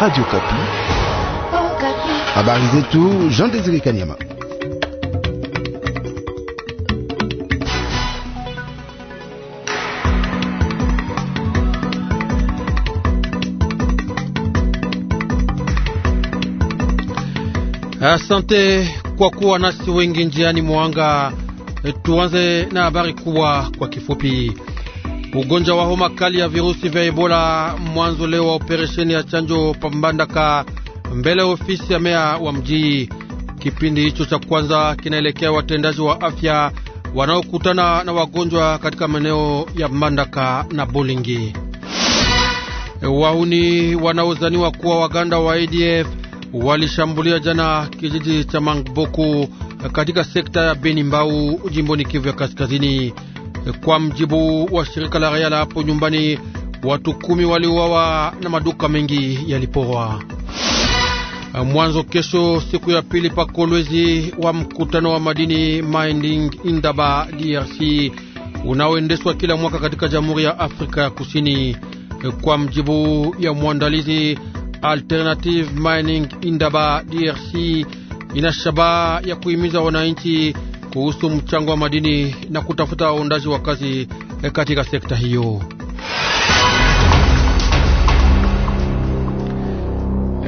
Radio Kapi. Habari zetu Jean Desire Kanyama. Asante kwa kuwa nasi wengi njiani mwanga. Tuanze na habari kubwa kwa kifupi. Ugonjwa wa homa kali ya virusi vya Ebola, mwanzo leo wa operesheni ya chanjo pambandaka mbele ofisi ya meya wa mji. Kipindi hicho cha kwanza kinaelekea watendaji wa afya wanaokutana na wagonjwa katika maeneo ya Mbandaka na Bolingi. Wahuni wanaozaniwa kuwa Waganda wa ADF walishambulia jana kijiji cha Mangboku katika sekta ya Beni Mbau, jimboni Kivu ya Kaskazini. Kwa mjibu wa shirika la raia la hapo nyumbani, watu kumi waliuawa na maduka mengi yaliporwa. Mwanzo kesho, siku ya pili pa Kolwezi wa mkutano wa madini Mining Indaba DRC unaoendeshwa kila mwaka katika Jamhuri ya Afrika ya Kusini. Kwa mjibu ya mwandalizi, Alternative Mining Indaba DRC ina shabaha ya kuhimiza wananchi kuhusu mchango wa madini na kutafuta uundaji wa kazi eh, katika sekta hiyo.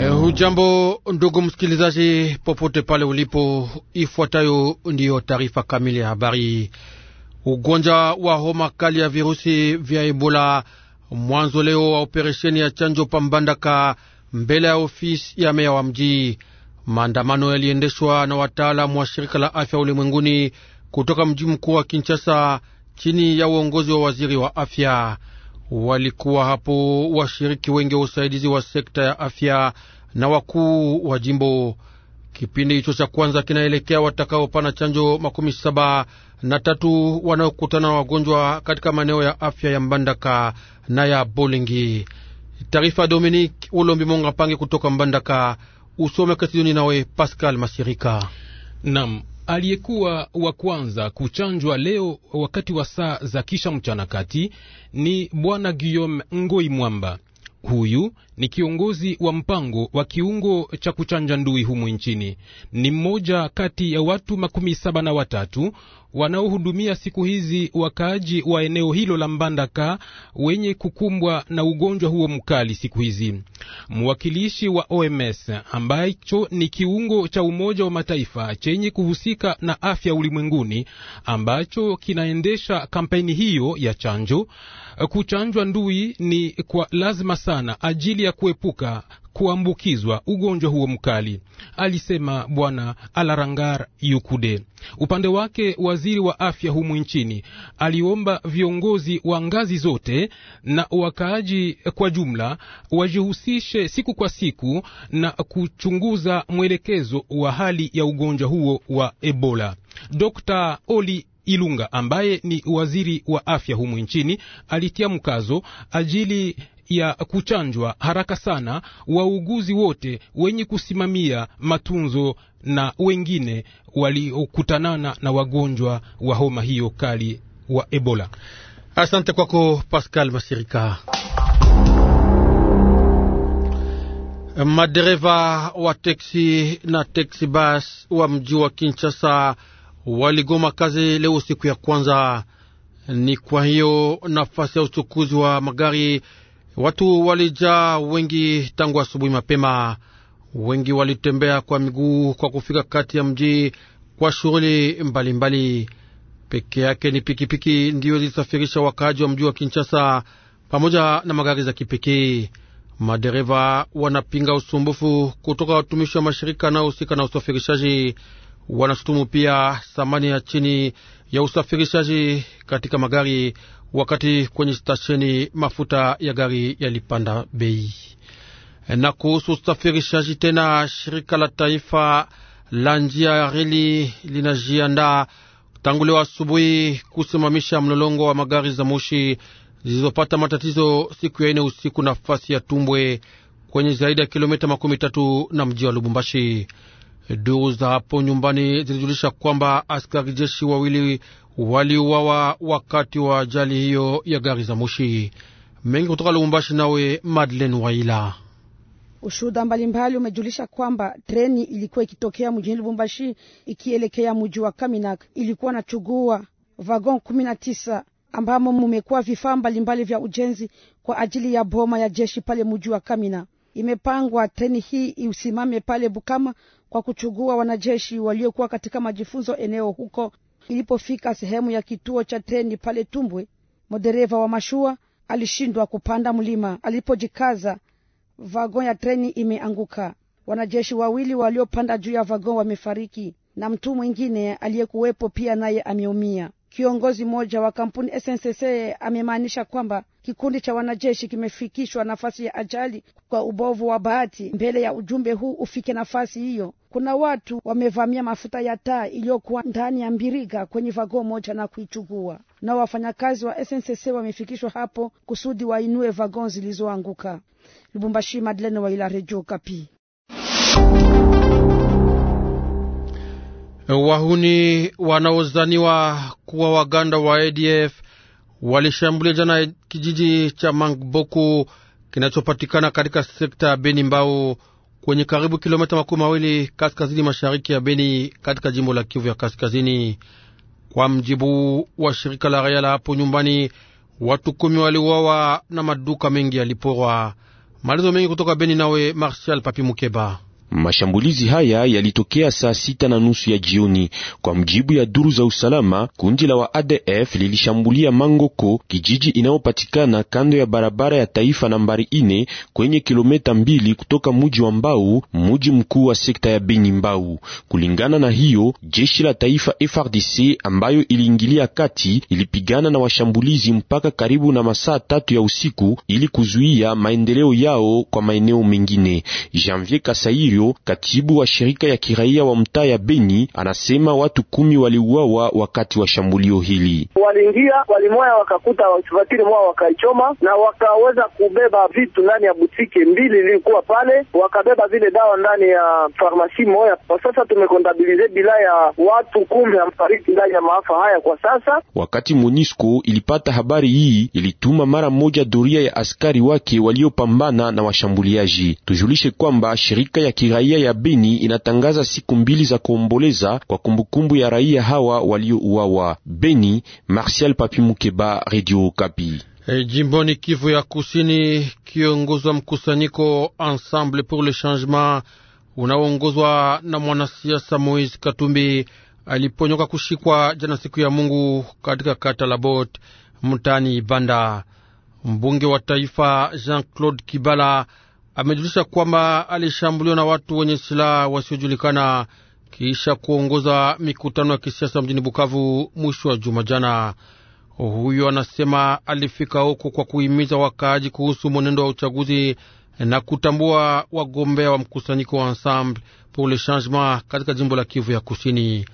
Eh, hujambo ndugu msikilizaji, popote pale ulipo, ifuatayo ndiyo taarifa kamili ya habari. Ugonjwa wa homa kali ya virusi vya Ebola mwanzo leo wa operesheni ya chanjo pambandaka mbele ya ofisi ya meya wa mji Maandamano yaliendeshwa na wataalamu wa shirika la afya ulimwenguni kutoka mji mkuu wa Kinshasa chini ya uongozi wa waziri wa afya. Walikuwa hapo washiriki wengi wa usaidizi wa sekta ya afya na wakuu wa jimbo. Kipindi hicho cha kwanza kinaelekea watakaopana chanjo makumi saba na tatu wanaokutana na wagonjwa katika maeneo ya afya ya Mbandaka na ya Bolingi. Taarifa Dominik Ulombi Monga Pange kutoka Mbandaka. Usome Kasidoni nawe Pascal Masirika. Nam aliyekuwa wa kwanza kuchanjwa leo wakati wa saa za kisha mchana kati ni bwana Guillaume Ngoi Mwamba. Huyu ni kiongozi wa mpango wa kiungo cha kuchanja ndui humu nchini. Ni mmoja kati ya watu makumi saba na watatu wanaohudumia siku hizi wakaaji wa eneo hilo la Mbandaka wenye kukumbwa na ugonjwa huo mkali siku hizi. Mwakilishi wa OMS ambacho ni kiungo cha Umoja wa Mataifa chenye kuhusika na afya ulimwenguni ambacho kinaendesha kampeni hiyo ya chanjo. Kuchanjwa ndui ni kwa lazima sana ajili ya kuepuka kuambukizwa ugonjwa huo mkali, alisema Bwana Alarangar Yukude. Upande wake, waziri wa afya humu nchini aliomba viongozi wa ngazi zote na wakaaji kwa jumla wajihusishe siku kwa siku na kuchunguza mwelekezo wa hali ya ugonjwa huo wa Ebola. Dr. Oli Ilunga ambaye ni waziri wa afya humu nchini alitia mkazo ajili ya kuchanjwa haraka sana wauguzi wote wenye kusimamia matunzo na wengine waliokutanana na wagonjwa wa homa hiyo kali wa Ebola. Asante kwako Pascal Masirika. Madereva wa teksi na teksi bas wa mji wa Kinshasa waligoma kazi leo siku ya kwanza. Ni kwa hiyo nafasi ya uchukuzi wa magari Watu walijaa wengi tangu asubuhi mapema. Wengi walitembea kwa miguu kwa kufika kati ya mji kwa shughuli mbalimbali. Peke yake ni pikipiki ndiyo zilisafirisha wakaaji wa mji wa Kinshasa pamoja na magari za kipekee. Madereva wanapinga usumbufu kutoka watumishi wa mashirika yanayohusika na usafirishaji. Wanashutumu pia thamani ya chini ya usafirishaji katika magari wakati kwenye stasheni mafuta ya gari yalipanda bei. Na kuhusu usafirishaji tena, shirika la taifa la njia ya reli linajiandaa tangu leo asubuhi kusimamisha mlolongo wa magari za moshi zilizopata matatizo siku ya ine usiku nafasi ya Tumbwe kwenye zaidi ya kilomita makumi tatu na mji wa Lubumbashi. Duru za hapo nyumbani zilijulisha kwamba askari jeshi wawili waliuawa wakati wa ajali hiyo ya gari za moshi. Mengi kutoka Lubumbashi, nawe Madeleine Waila. Ushuhuda mbalimbali umejulisha kwamba treni ilikuwa ikitokea mjini Lubumbashi ikielekea mji wa Kaminak, ilikuwa na chugua vagon kumi na tisa ambamo mumekuwa vifaa mbalimbali vya ujenzi kwa ajili ya boma ya jeshi pale mji wa Kamina. Imepangwa treni hii iusimame pale Bukama kwa kuchugua wanajeshi waliokuwa katika majifunzo eneo huko Ilipofika sehemu ya kituo cha treni pale Tumbwe, madereva wa mashua alishindwa kupanda mlima. Alipojikaza, vagon ya treni imeanguka. Wanajeshi wawili waliopanda juu ya vagon wamefariki na mtu mwingine aliyekuwepo pia naye ameumia. Kiongozi mmoja wa kampuni SNCC amemaanisha kwamba kikundi cha wanajeshi kimefikishwa nafasi ya ajali kwa ubovu wa bahati. Mbele ya ujumbe huu ufike nafasi hiyo, kuna watu wamevamia mafuta ya taa iliyokuwa ndani ya mbirika kwenye vago moja na kuichukua. Nao wafanyakazi wa SNCC wamefikishwa hapo kusudi wainue vagon zilizoanguka. Lubumbashi, Madeleine Waila, Redio Kapi. Wahuni wanaozaniwa kuwa Waganda wa ADF walishambulia jana kijiji cha Mangboku kinachopatikana katika sekta ya Beni Mbau kwenye karibu kilomita makumi mawili kaskazini mashariki ya Beni katika jimbo la Kivu ya Kaskazini. Kwa mjibu wa shirika la raia la hapo nyumbani, watu kumi waliuawa na maduka mengi yaliporwa. Maelezo mengi kutoka Beni nawe Marshal Papi Mukeba. Mashambulizi haya yalitokea saa sita na nusu ya jioni. Kwa mjibu ya duru za usalama, kundi la wa ADF lilishambulia Mangoko, kijiji inayopatikana kando ya barabara ya taifa nambari ine kwenye kilometa mbili kutoka muji wa Mbau, muji mkuu wa sekta ya Beni Mbau. Kulingana na hiyo, jeshi la taifa FRDC ambayo iliingilia kati ilipigana na washambulizi mpaka karibu na masaa tatu ya usiku ili kuzuia maendeleo yao kwa maeneo mengine. Janvier hiyo, katibu wa shirika ya kiraia wa mtaa ya Beni anasema watu kumi waliuawa wakati wa shambulio hili. Waliingia walimoya, wakakuta wasifatiri mwao, wakaichoma na wakaweza kubeba vitu ndani ya butike mbili ilikuwa pale, wakabeba zile dawa ndani ya farmasi moya. Kwa sasa tumekontabilize bila ya watu kumi amfariki ndani ya maafa haya kwa sasa. Wakati Monisco ilipata habari hii, ilituma mara moja doria ya askari wake waliopambana na washambuliaji. Tujulishe kwamba shirika ya kiraia kiraia ya Beni inatangaza siku mbili za kuomboleza kwa kumbukumbu ya raia hawa waliouawa. Beni, Martial Papi Mukeba, Radio Kapi. Hey, eh, jimboni Kivu ya Kusini, kiongozwa mkusanyiko Ensemble pour le Changement unaoongozwa na mwanasiasa Moise Katumbi aliponyoka kushikwa jana siku ya Mungu katika kata la Bot mtaani Banda. Mbunge wa taifa Jean-Claude Kibala amejulisha kwamba alishambuliwa na watu wenye silaha wasiojulikana kisha kuongoza mikutano ya kisiasa mjini Bukavu mwisho wa juma jana. Huyo anasema alifika huko kwa kuhimiza wakaaji kuhusu mwenendo wa uchaguzi na kutambua wagombea wa mkusanyiko wa Ensemble pour le Changement katika jimbo la Kivu ya Kusini.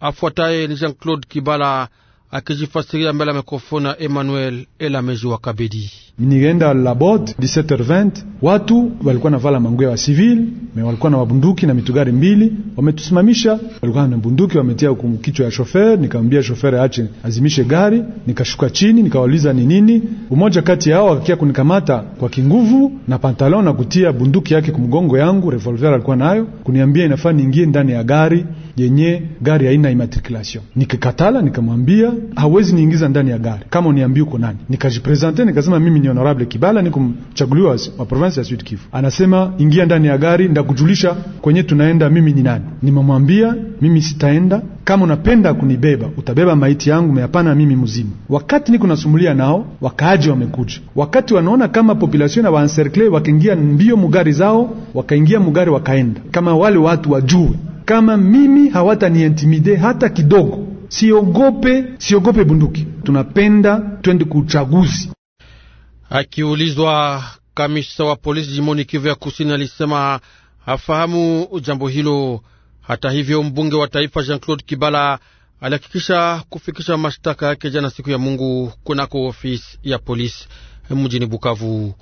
Afuataye ni Jean Claude Kibala akijifasiria mbele ya mikrofoni ya Emmanuel Elameji wa Kabedi. Nilienda Labot 17 watu walikuwa na vala manguo ya civil me walikuwa na wabunduki na mitugari mbili, wametusimamisha. Walikuwa na bunduki wametia kichwa ya shofer, nikamwambia shofer aache azimishe gari, nikashuka chini nikawauliza ni nini. Umoja kati yao akakia kunikamata kwa kinguvu na pantalon na kutia bunduki yake kumgongo yangu, revolver alikuwa nayo, kuniambia inafaa niingie ndani ya gari yenye gari haina immatriculation. Nikikatala, nikamwambia hawezi niingiza ndani ya gari kama uniambie uko nani. Nikajipresente, nikasema mimi ni honorable Kibala, niko mchaguliwa wa province ya Sud Kivu. Anasema ingia ndani ya gari, ndakujulisha kwenye tunaenda, mimi ni nani. Nimemwambia mimi sitaenda, kama unapenda kunibeba utabeba maiti yangu meyapana, mimi mzima. Wakati niko nasumulia nao, wakaaji wamekuja, wakati wanaona kama population na waencercle, wakaingia mbio mugari zao, wakaingia mugari wakaenda, kama wale watu wajue kama mimi hawataniintimide hata kidogo. Siogope, siogope bunduki. Tunapenda twende kuchaguzi. Akiulizwa, kamisa wa polisi jimoni Kivu ya Kusini alisema hafahamu jambo hilo. Hata hivyo, mbunge wa taifa Jean-Claude Kibala alihakikisha kufikisha mashtaka yake jana siku ya Mungu kunako ofisi ya polisi mjini Bukavu.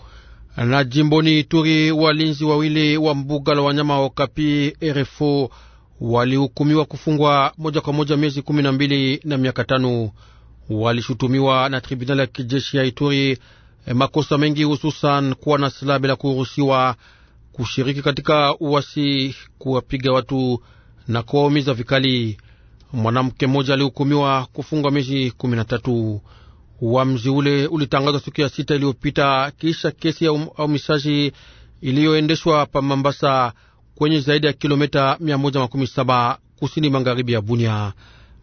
Na jimboni Ituri, walinzi wawili wa mbuga la wanyama wa Okapi RFO walihukumiwa kufungwa moja kwa moja miezi kumi na mbili na miaka tano. Walishutumiwa na tribunali ya kijeshi ya Ituri eh, makosa mengi, hususan kuwa na silaha bila kuruhusiwa, kushiriki katika uwasi kuwapiga watu na kuwaumiza vikali. Mwanamke mmoja alihukumiwa kufungwa miezi kumi na tatu. Uamuzi ule ulitangazwa siku ya sita iliyopita kisha kesi ya umisaji um-, iliyoendeshwa pa Mambasa kwenye zaidi ya kilomita 117 kusini magharibi ya Bunia.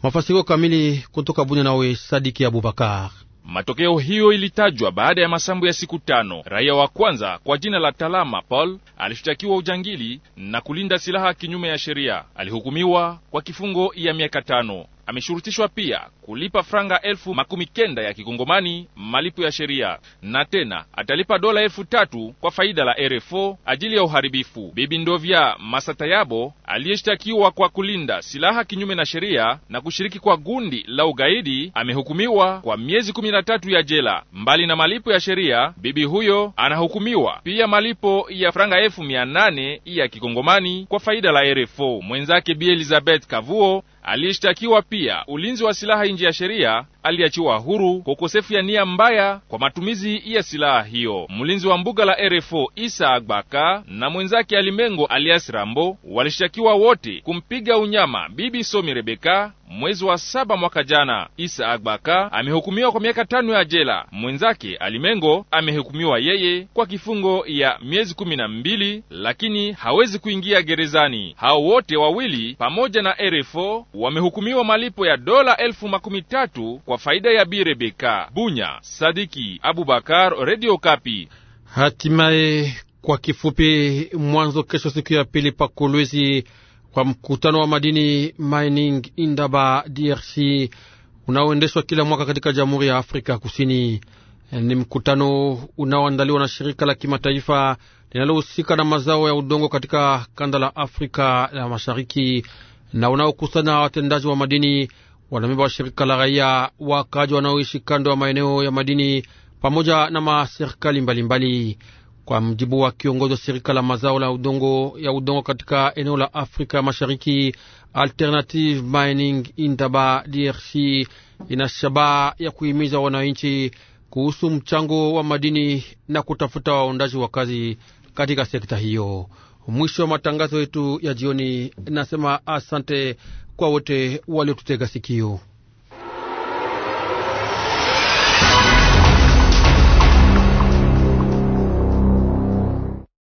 Mafasiko kamili kutoka Bunia, nawe Sadiki Abubakar. Matokeo hiyo ilitajwa baada ya masambo ya siku tano. Raia wa kwanza kwa jina la Talama Paul alishtakiwa ujangili na kulinda silaha kinyume ya sheria, alihukumiwa kwa kifungo ya miaka tano ameshurutishwa pia kulipa franga elfu makumi kenda ya kikongomani malipo ya sheria, na tena atalipa dola elfu tatu kwa faida la RFO ajili ya uharibifu. Bibi Ndovya Masatayabo aliyeshtakiwa kwa kulinda silaha kinyume na sheria na kushiriki kwa gundi la ugaidi amehukumiwa kwa miezi kumi na tatu ya jela. Mbali na malipo ya sheria, bibi huyo anahukumiwa pia malipo ya franga elfu mia nane ya kikongomani kwa faida la RFO. Mwenzake Bi Elizabeth Kavuo Aliyeshtakiwa pia ulinzi wa silaha nje ya sheria aliachiwa huru kwa ukosefu ya nia mbaya kwa matumizi ya silaha hiyo. Mlinzi wa mbuga la RFO Isa Agbaka na mwenzake Alimengo alias Rambo walishtakiwa wote kumpiga unyama Bibi Somi Rebeka mwezi wa saba mwaka jana. Isa Agbaka amehukumiwa kwa miaka tano ya jela, mwenzake Alimengo amehukumiwa yeye kwa kifungo ya miezi kumi na mbili, lakini hawezi kuingia gerezani. Hao wote wawili pamoja na RFO wamehukumiwa malipo ya dola elfu makumi tatu kwa faida ya Bi Bunya Sadiki Abubakar, Radio Kapi. Hatimaye kwa kifupi, mwanzo kesho siku ya pili pa Kolwezi kwa mkutano wa madini Mining Indaba DRC unaoendeshwa kila mwaka katika Jamhuri ya Afrika Kusini. Ni mkutano unaoandaliwa na shirika la kimataifa linalohusika na mazao ya udongo katika kanda la Afrika ya Mashariki na unaokusanya watendaji wa madini wanamemba wa shirika la raia, wakaji wanaoishi kando ya maeneo ya madini pamoja na maserikali mbalimbali. Kwa mjibu wa kiongozi wa shirika la mazao la udongo ya udongo katika eneo la Afrika Mashariki, Alternative Mining indaba DRC ina shabaha ya kuhimiza wananchi kuhusu mchango wa madini na kutafuta waundaji wa kazi katika sekta hiyo. Mwisho wa matangazo yetu ya jioni, nasema asante kwa wote waliotutega sikio.